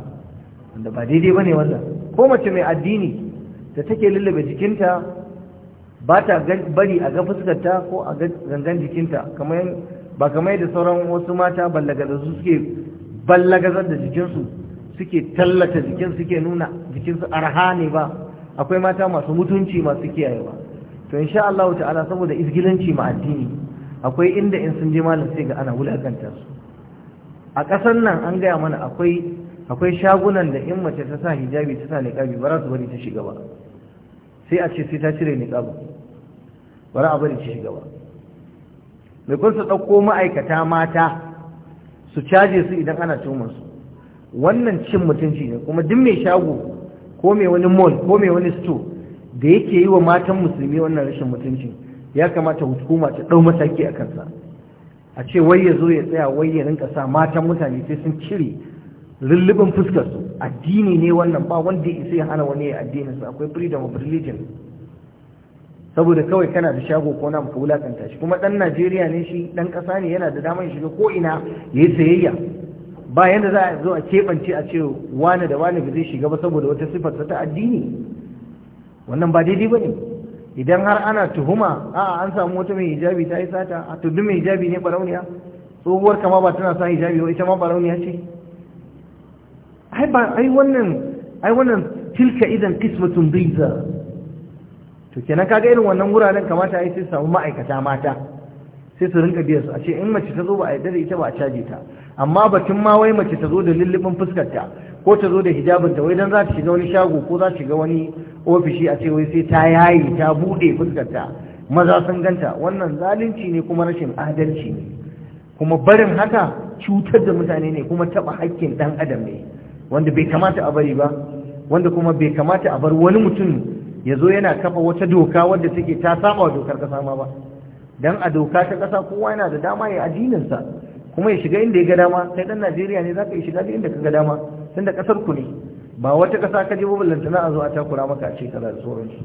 wanda ba daidai ba ne wannan ko mace mai addini da take lullube jikinta ba ta bari a ga fuskarta ko a gangan jikinta ba kamar yadda sauran wasu mata ballagaza suke ballagazar da jikinsu suke tallata jikin suke nuna jikinsu arha ne ba akwai mata masu mutunci masu kiyayewa to insha Allah ta'ala saboda izgilanci ma addini akwai inda in sun je malam sai ga ana wulakanta su a ƙasar nan an gaya mana akwai akwai shagunan da in mace ta sa hijabi ta sa niqabi ba za su bari ta shiga ba sai a ce sai ta cire ni niqab bari a bari ci shiga ba mai kun su ɗauko ma'aikata mata su caje su idan ana tuhumar su wannan cin mutunci ne kuma duk mai shago ko mai wani mall ko mai wani store da yake yi wa matan musulmi wannan rashin mutunci ya kamata hukuma ta ɗau mataki a kansa a ce wai ya zo ya tsaya wai ya rinka sa matan mutane sai sun cire lullubin fuskar su addini ne wannan ba wanda ya isa ya hana wani addinin su akwai freedom of religion saboda kawai kana da shago ko na ka wulakanta shi kuma ɗan Najeriya ne shi dan kasa ne yana da damar shiga ko ina yayi sayayya ba yanda za a zo a kebance a ce wani da wani ba zai shiga ba saboda wata sifar ta addini wannan ba daidai bane idan har ana tuhuma a an samu wata mai hijabi ta yi sata a tudu mai hijabi ne barauniya tsohuwar kama ba tana sa hijabi ba ita ma barauniya ce ai ba ai wannan wannan tilka idan qismatun biza to kenan kaga irin wannan wuraren kamata ai sai samu ma'aikata mata sai su rinka biya su a ce in mace ta zo ba a yi dare ita ba a caji ta amma batun ma wai mace ta zo da lullubin fuskar ta ko ta zo da hijabin ta wai dan za ta shiga wani shago ko za ta shiga wani ofishi a ce wai sai ta yaye ta bude fuskar ta maza sun ganta wannan zalunci ne kuma rashin adalci ne kuma barin haka cutar da mutane ne kuma taba hakkin dan adam ne wanda bai kamata a bari ba wanda kuma bai kamata a bar wani mutum ya zo yana kafa wata doka wadda take ta saba wa dokar kasa ma ba dan a doka ta kasa kowa yana da dama ya addininsa kuma ya shiga inda ya ga dama sai dan Najeriya ne zaka yi shiga duk inda ka ga dama tunda kasar ku ne ba wata kasa ka je ballanta na a zo a takura maka a ce kaza da sauransu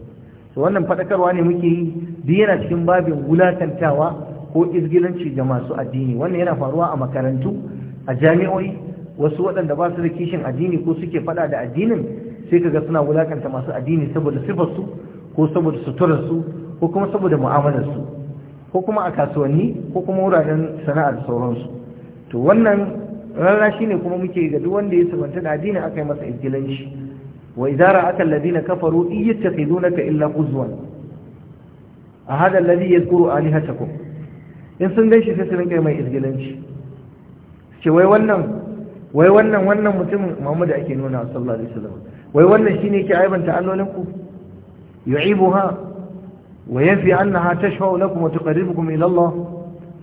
to wannan fadakarwa ne muke yi duk yana cikin babin wulakantawa ko izgilanci ga masu addini wannan yana faruwa a makarantu a jami'o'i wasu waɗanda ba su da kishin addini ko suke faɗa da addinin sai ga suna wulakanta masu addini saboda sifarsu ko saboda suturarsu ko kuma saboda mu'amalarsu ko kuma a kasuwanni ko kuma wuraren sana'a da sauransu to wannan rana shine kuma muke ga duk wanda ya sabanta da addini yi masa ijilanci wa idza ra'aka alladhina kafaru yattakhidunaka illa quzwan a hada alladhi yadhkuru alihatakum in sun ganshi sai su rinka mai izgilanci ce wai wannan wai wannan wannan mutumin Muhammad ake nuna sallallahu alaihi wasallam wai wannan shine yake aibanta allolin ku yu'ibuha wa yafi annaha tashfa'u lakum wa tuqarribukum ila Allah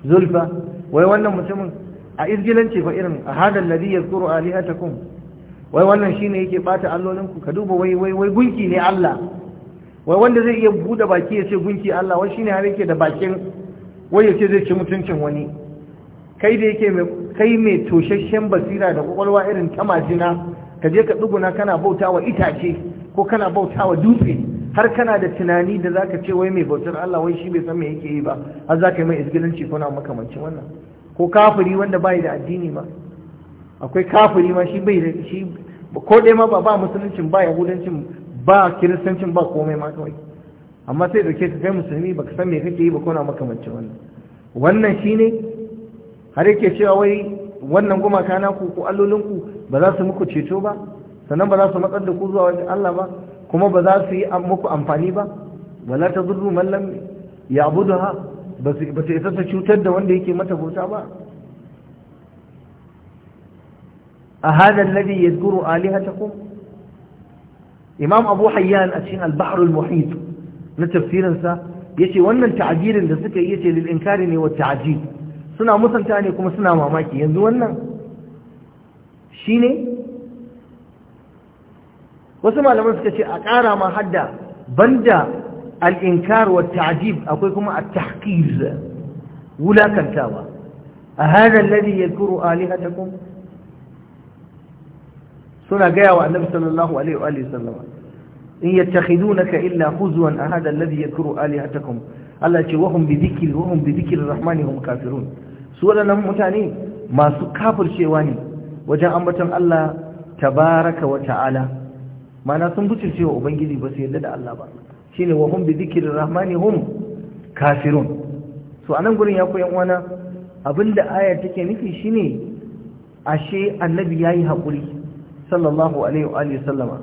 zulfa wai wannan mutumin a izgilanci fa irin hada alladhi yadhkuru alihatakum wai wannan shine yake bata allolin ka duba wai wai wai gunki ne Allah wai wanda zai iya bude baki ya ce gunki Allah wai shine har yake da bakin wai yace zai ci mutuncin wani kai da yake mai kai mai toshashen basira da kwakwalwa irin ta majina ka je ka duguna kana bauta wa itace ko kana bauta wa dutse har kana da tunani da za ka ce wai mai bautar Allah wai shi bai san me yake yi ba har za ka yi mai izgilanci ko na makamancin wannan ko kafiri wanda bai da addini ma, akwai kafiri ma shi bai da shi ko dai ma ba ba musuluncin ba yahudancin ba kiristancin ba komai ma kawai amma sai dauke ka kai musulmi baka san me kake yi ba ko na makamancin wannan wannan shine har yake cewa wai wannan gumaka naku ko allolinku ba za su muku ceto ba sannan ba za su matsar da ku zuwa wajen Allah ba kuma ba za su yi muku amfani ba wala ta zurru mallam ya abudu ha ba su isa ta cutar da wanda yake mata bauta ba a hadar ladi ya zuru alihatakum imam abu hayyan a cikin albaharul muhit na tafsirinsa ya ce wannan ta'ajirin da suka yi ya ce lil inkari ne wa ta'ajil suna musanta ne kuma suna mamaki yanzu wannan shi ne wasu malaman suka ce a ƙara ma hadda banda al'inkar wa ta'ajib akwai kuma a tahqiz wulakantawa a hada alladhi yadhkuru alihatakum suna gaya wa annabi sallallahu alaihi wa sallama in ya yattakhidunaka illa huzwan a hada alladhi yadhkuru alihatakum Allah ce wahum bi dhikri wahum bi dhikri rahmani kafirun su waɗannan mutane masu kafircewa ne wajen ambaton Allah tabaraka wa ta'ala mana sun bucircewa ubangiji ba su yadda da Allah ba shine wa hum bi dhikri rahmani hum kafirun so anan gurin ya koyan wana abinda aya take nufi shine ashe annabi yayi hakuri sallallahu alaihi wa alihi sallama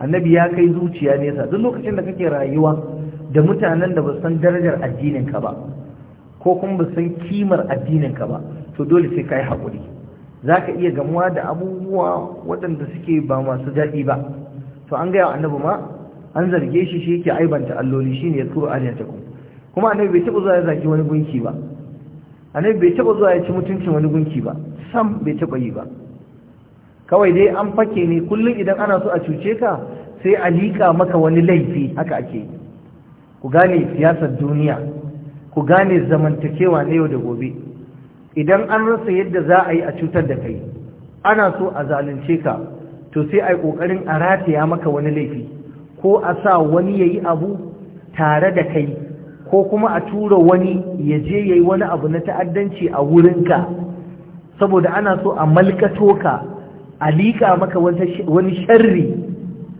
annabi ya kai zuciya nesa duk lokacin da kake rayuwa da mutanen da ba san darajar addinin ka ba ko kuma ba san kimar addininka ba to dole sai ka yi haƙuri za ka iya gamuwa da abubuwa waɗanda suke ba masu daɗi ba to an gaya wa annabi ma an zarge shi shi yake aibanta alloli shi ne ya turo ku kuma annabi bai taɓa zuwa ya zaki wani gunki ba annabi bai taɓa zuwa ya ci mutuncin wani gunki ba sam bai taɓa yi ba kawai dai an fake ne kullum idan ana so a cuce ka sai a liƙa maka wani laifi haka ake ku gane siyasar duniya ku gane zamantakewa na yau da gobe idan an rasa yadda za a yi a cutar da kai ana so a zalunce ka to sai a yi ƙoƙarin a rataya maka wani laifi ko a sa wani ya yi abu tare da kai ko kuma a tura wani ya je ya yi wani abu na ta'addanci a wurinka saboda ana so a malkato ka a liƙa maka wani sharri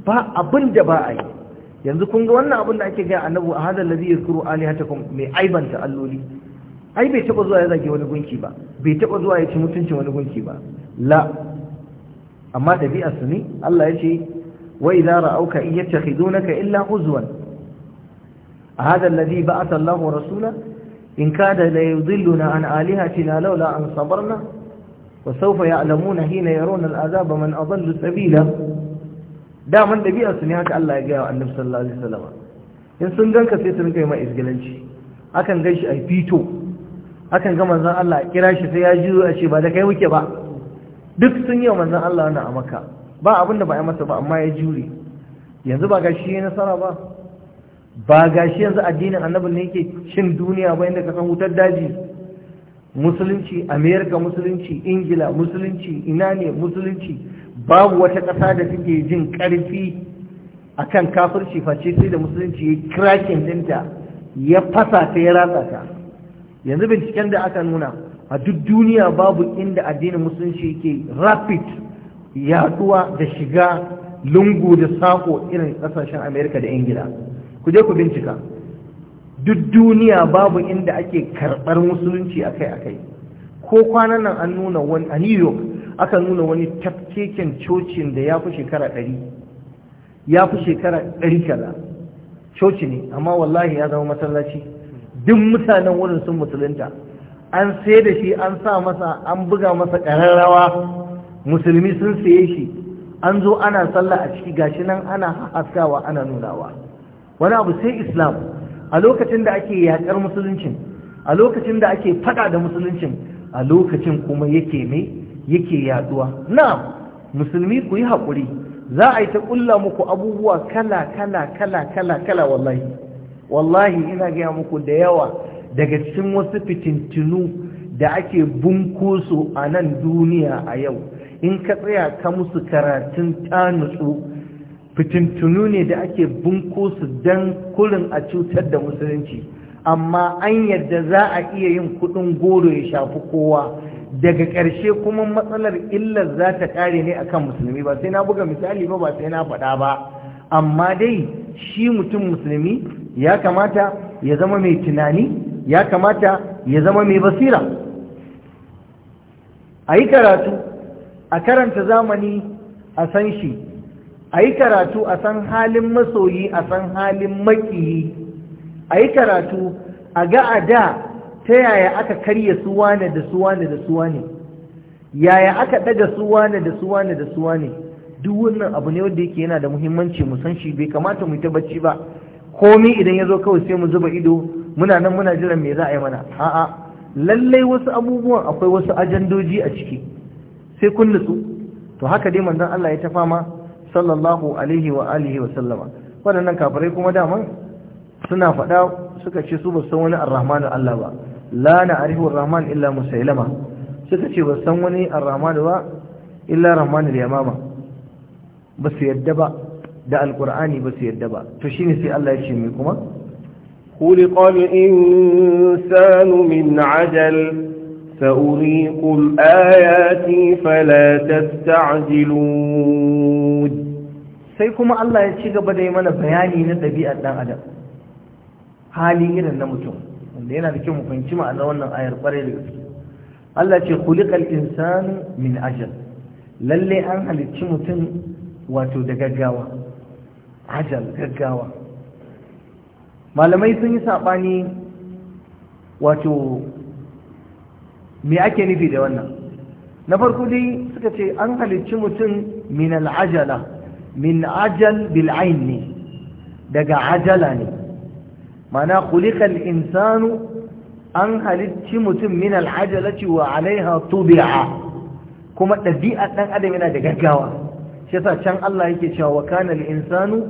ba abin da ba a yi yanzu kun ga wannan abin da ake gaya annabu a hadal ladhi yadhkuru alihatakum mai aibanta alloli ai bai taba zuwa ya zage wani gunki ba bai taba zuwa ya ci mutuncin wani gunki ba la amma dabi'a su ne Allah ya ce wa idza ra'auka in yattakhidunaka illa huzwan hadha alladhi ba'atha Allahu rasula in kada la yudilluna an alihatina laula an sabarna wa sawfa ya'lamuna hina yarawna al'azaba man adalla sabila daman ɗabi'ar su ne haka Allah ya gaya wa annabi sallallahu alaihi wasallam in sun ganka sai su rinka yi ma izgilanci akan gaishe a fito akan ga manzon Allah a kira shi sai ya ji a ce ba da kai muke ba duk sun yi wa manzon Allah wannan a maka ba abin da ba a masa ba amma ya jure yanzu ba gashi ya nasara ba ba gashi yanzu addinin annabin ne yake shin duniya ba inda ka san wutar daji musulunci amerika musulunci ingila musulunci ina ne musulunci babu wata ƙasa da suke jin ƙarfi kan kafirci face sai da musulunci ya kirakin dinta ya fasa ta ya ratsa ta yanzu binciken da aka nuna a duk duniya babu inda addinin musulunci yake rapid yaduwa da shiga lungu da sako irin ƙasashen amerika da ingila ku je ku bincika duk duniya babu inda ake karɓar musulunci akai-akai ko kwanan nan an nuna wani a new york aka nuna wani tafkeken cocin da ya fi shekara ɗari ya fi shekara ɗari kaza coci ne amma wallahi ya zama masallaci duk mutanen wurin sun musulunta an sai da shi an sa masa an buga masa ƙararrawa musulmi sun saye shi an zo ana sallah a ciki gashi nan ana haskawa ana nunawa wani abu sai islam a lokacin da ake yaƙar musuluncin a lokacin da ake faɗa da musuluncin a lokacin kuma yake mai yake yaduwa na musulmi ku yi haƙuri za a yi ta ƙulla muku abubuwa kala kala kala kala kala wallahi wallahi ina gaya muku da yawa daga cikin wasu fitintinu da ake bunkoso a nan duniya a yau in ka tsaya ka musu karatun tanutsu fitintunu ne da ake bunko su don kurin a cutar da musulunci amma an yadda za a iya yin kudin goro ya shafi kowa daga ƙarshe kuma matsalar illar za ta kare ne akan musulmi ba sai na buga misali ba ba sai na faɗa ba amma dai shi mutum musulmi ya kamata ya zama mai tunani ya kamata ya zama mai basira a yi karatu a karanta zamani a san shi a yi karatu a san halin masoyi a san halin makiyi a yi karatu a ga a da ta yaya aka karya suwa ne da suwa ne da suwa ne? yaya aka daga ne da suwa ne da suwa ne? duk wannan abu ne wanda yake yana da muhimmanci mu san shi bai kamata mu ta bacci ba komi idan ya zo kawai sai mu zuba ido muna nan muna jiran me za a yi mana a'a lallai wasu abubuwan akwai wasu ajandoji a ciki sai kun nutsu to haka dai manzon Allah ya ta fama sallallahu alaihi wa alihi wa sallama waɗannan kafirai kuma daman suna faɗa suka ce su ba san wani ar-rahmanu Allah ba la na'rifu ar-rahman illa musailama suka ce ba san wani ar-rahmanu ba illa rahmanu al-yamama ba su yadda ba da alqur'ani ba su yadda ba to shine sai Allah ya ce mai kuma خلق الإنسان من عجل سأريكم آياتي فلا تستعجلون sai kuma Allah ya ci gaba da yi mana bayani na ɗabi'ar ɗan adam hali irin na mutum wanda yana da kyau mu fahimci ma'ana wannan ayar ƙwarai da gaske Allah ce khuliqal insan min ajal lalle an halicci mutum wato da gaggawa ajal gaggawa malamai sun yi saɓani wato me ake nufi da wannan na farko dai suka ce an halicci mutum min al ajala min ajal bil ain ne daga ajala ne mana khuliqal insanu an halicci mutum min al ajalati wa alaiha tubi'a kuma ɗabi'a ɗan adam yana da gaggawa shi yasa can Allah yake cewa wa kana insanu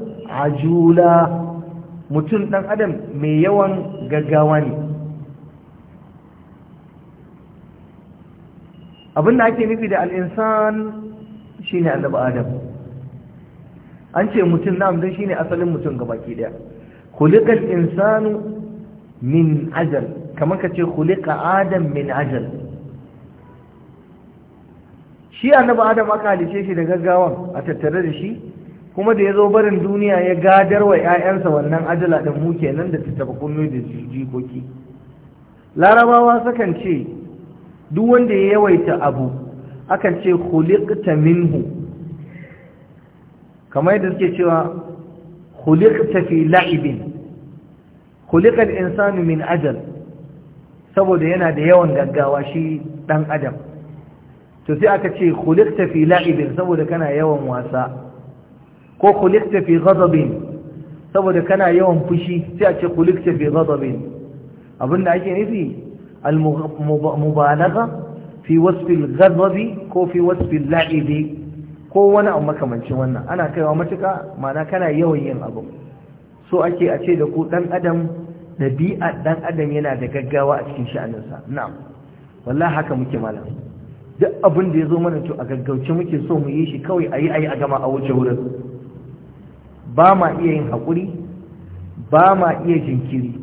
ajula mutum ɗan adam mai yawan gaggawa ne abinda ake nufi da al insan shine annabi adam an ce mutum na'am dan shine asalin mutum baki daya khuliqal insanu min ajal kamar kace kulika adam min ajal shi annabi adam aka halice shi da gaggawan a tattare da shi kuma da ya zo barin duniya ya gadar wa 'ya'yansa wannan ajala ɗin mu kenan da tattabakunnu da jikoki larabawa sukan ce duk wanda ya yawaita abu akan ce khuliqta minhu kamar yadda suke cewa khuliqta fi la'ibin khuliqa al-insanu min ajal saboda yana da yawan gaggawa shi dan adam to sai aka ce khuliqta fi la'ibin saboda kana yawan wasa ko khuliqta fi ghadabin saboda kana yawan fushi sai a ce khuliqta fi ghadabin abinda ake nufi al-mubalagha fi wasf al-ghadabi ko fi wasf al-la'ibi ko wani abu makamancin wannan ana kaiwa matuka mana kana yawan yin abu so ake a ce da ku dan adam dabi'a dan adam yana da gaggawa a cikin sha'aninsa na'am wallahi haka muke malam duk abin da zo mana to a gaggauce muke so mu yi shi kawai ayi ayi a gama a wuce wurin ba ma iya yin haƙuri. ba ma iya jinkiri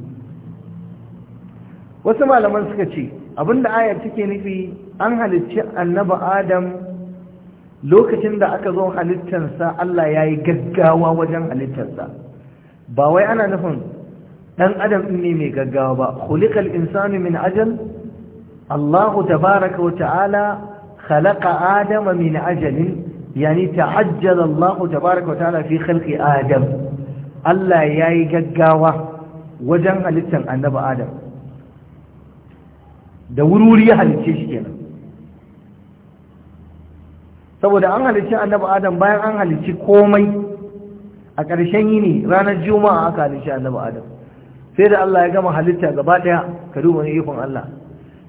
wasu malaman suka ce abin da ayar take nufi an halicci annaba adam lokacin da aka zo halittarsa Allah ya yi gaggawa wajen halittarsa ba wai ana nufin ɗan adam ne mai gaggawa ba hulikal insani min ajal Allahu tabaraka wa ta'ala khalaqa adama min ajalin yani ta'ajjala Allahu tabaraka ta'ala fi halki adam Allah ya yi gaggawa wajen halittar annabi adam da wuri-wuri ya halicce shi kenan saboda an halicci annabi adam bayan an halicci komai a ƙarshen yini ranar juma'a aka halicci annabi adam sai da Allah ya gama halitta gaba ɗaya ka duba ne ikon Allah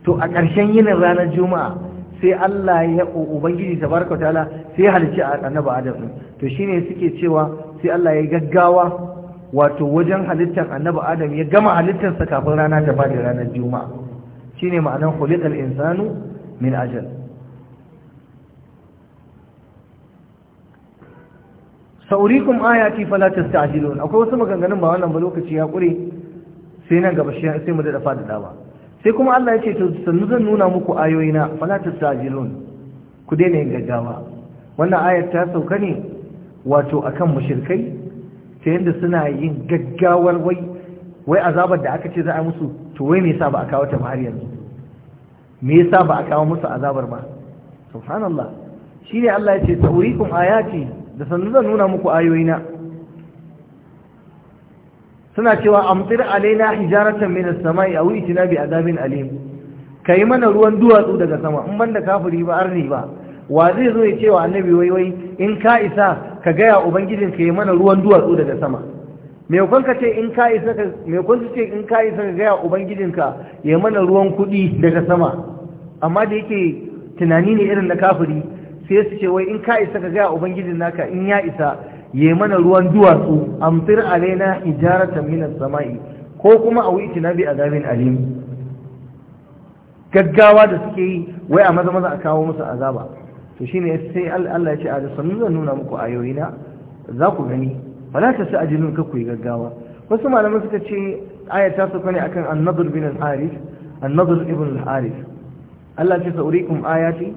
to a ƙarshen yinin ranar juma'a sai Allah ya ubangiji tabaraka ta'ala sai halicci annabi adam din to shine suke cewa sai Allah ya gaggawa wato wajen halittar annabi adam ya gama halittarsa kafin rana ta fadi ranar juma'a shine ma'anar khuliqal insanu min ajal sauriƙun ayati fala tasta'jilun akwai wasu maganganun ba wannan ba lokaci ya ƙure sai nan gaba sai mu da dafa da dawa sai kuma Allah ya ce to sannu zan nuna muku ayoyina fala tasta'jilun ku daina yin gaggawa wannan ayar ta sauka ne wato akan mashirkai ta yadda suna yin gaggawar wai wai azabar da aka ce za a musu to wai me yasa ba a kawo ta ba har yanzu me yasa ba a kawo musu azabar ba subhanallah shi ne Allah ya ce sauriƙun ayati da sannu zan nuna muku ayoyina suna cewa amtir alaina hijaratan min as-sama'i aw itina bi adabin alim kai mana ruwan duwatsu daga sama in banda kafuri ba arni ba wa zai zo ya cewa annabi wai wai in ka isa ka gaya ubangijin ka yi mana ruwan duwatsu daga sama me kun ka ce in ka isa ka gaya ubangijin ka yi mana ruwan kuɗi daga sama amma da yake tunani ne irin na kafuri. sai su ce wai in ka isa ka gaya ubangijin naka in ya isa ya mana ruwan duwatsu amsir alaina hijaratan minas sama'i ko kuma a wuce na bi azabin alim gaggawa da suke yi wai a maza maza a kawo musu azaba to shine sai Allah ya ce a da sanu zan nuna muku ayoyina za ku gani fala ta sa ajilun ka ku yi gaggawa wasu malaman suka ce aya ta sauka ne akan an bin al-harith an ibn al-harith Allah ya ce saurikum ayati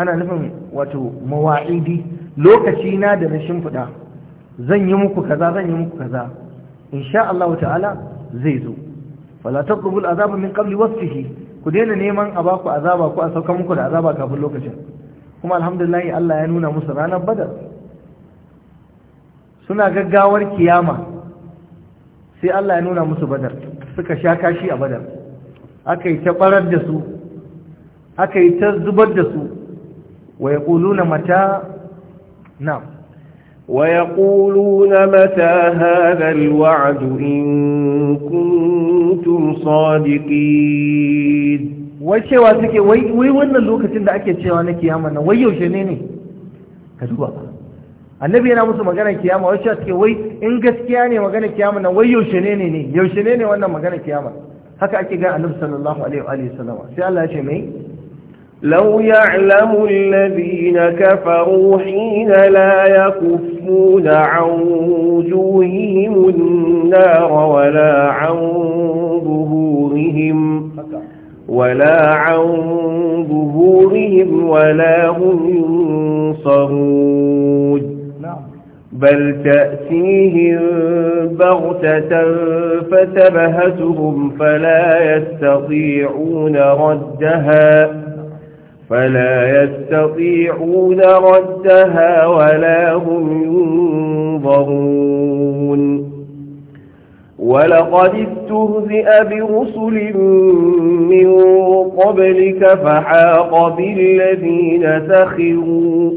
ana nufin wato mawa'idi lokaci na da na shimfiɗa zan yi muku kaza zan yi muku kaza insha Allah ta'ala zai zo fala taqbul azaba min qabli wasfihi ku daina neman a baku azaba ko a sauka muku da azaba kafin lokacin kuma alhamdulillah Allah ya nuna musu ranar badar suna gaggawar kiyama sai Allah ya nuna musu badar suka sha kashi a badar aka yi ta barar da su aka yi ta zubar da su ويقولون متى نعم ويقولون متى هذا الوعد إن كنتم صادقين wai cewa suke wai wannan lokacin da ake cewa na kiyama na wai yaushe ne ne ka duba annabi yana musu magana kiyama wai cewa suke wai in gaskiya ne magana kiyama na wai yaushe ne ne ne yaushe ne ne wannan magana kiyama haka ake ga annabi sallallahu alaihi wa sallama sai Allah ya ce mai لو يعلم الذين كفروا حين لا يكفون عن وجوههم النار ولا عن ظهورهم ولا عن ظهورهم ولا هم ينصرون نعم. بل تأتيهم بغتة فتبهتهم فلا يستطيعون ردها فلا يستطيعون ردها ولا هم ينظرون ولقد استهزئ برسل من قبلك فحاق بالذين سخروا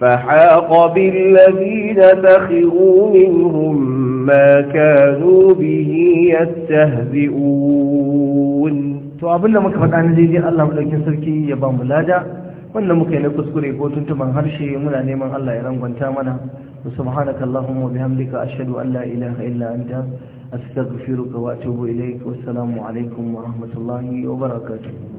فحاق بالذين سخروا منهم ما كانوا به يستهزئون to abinda muka faɗa na daidai Allah madaukin sarki ya ba mu lada wanda muka yi na kuskure ko tuntuban harshe muna neman Allah ya rangwanta mana subhanaka allahumma bihamdika ashhadu an la ilaha illa anta astaghfiruka wa atubu wa assalamu alaikum wa rahmatullahi wa barakatuh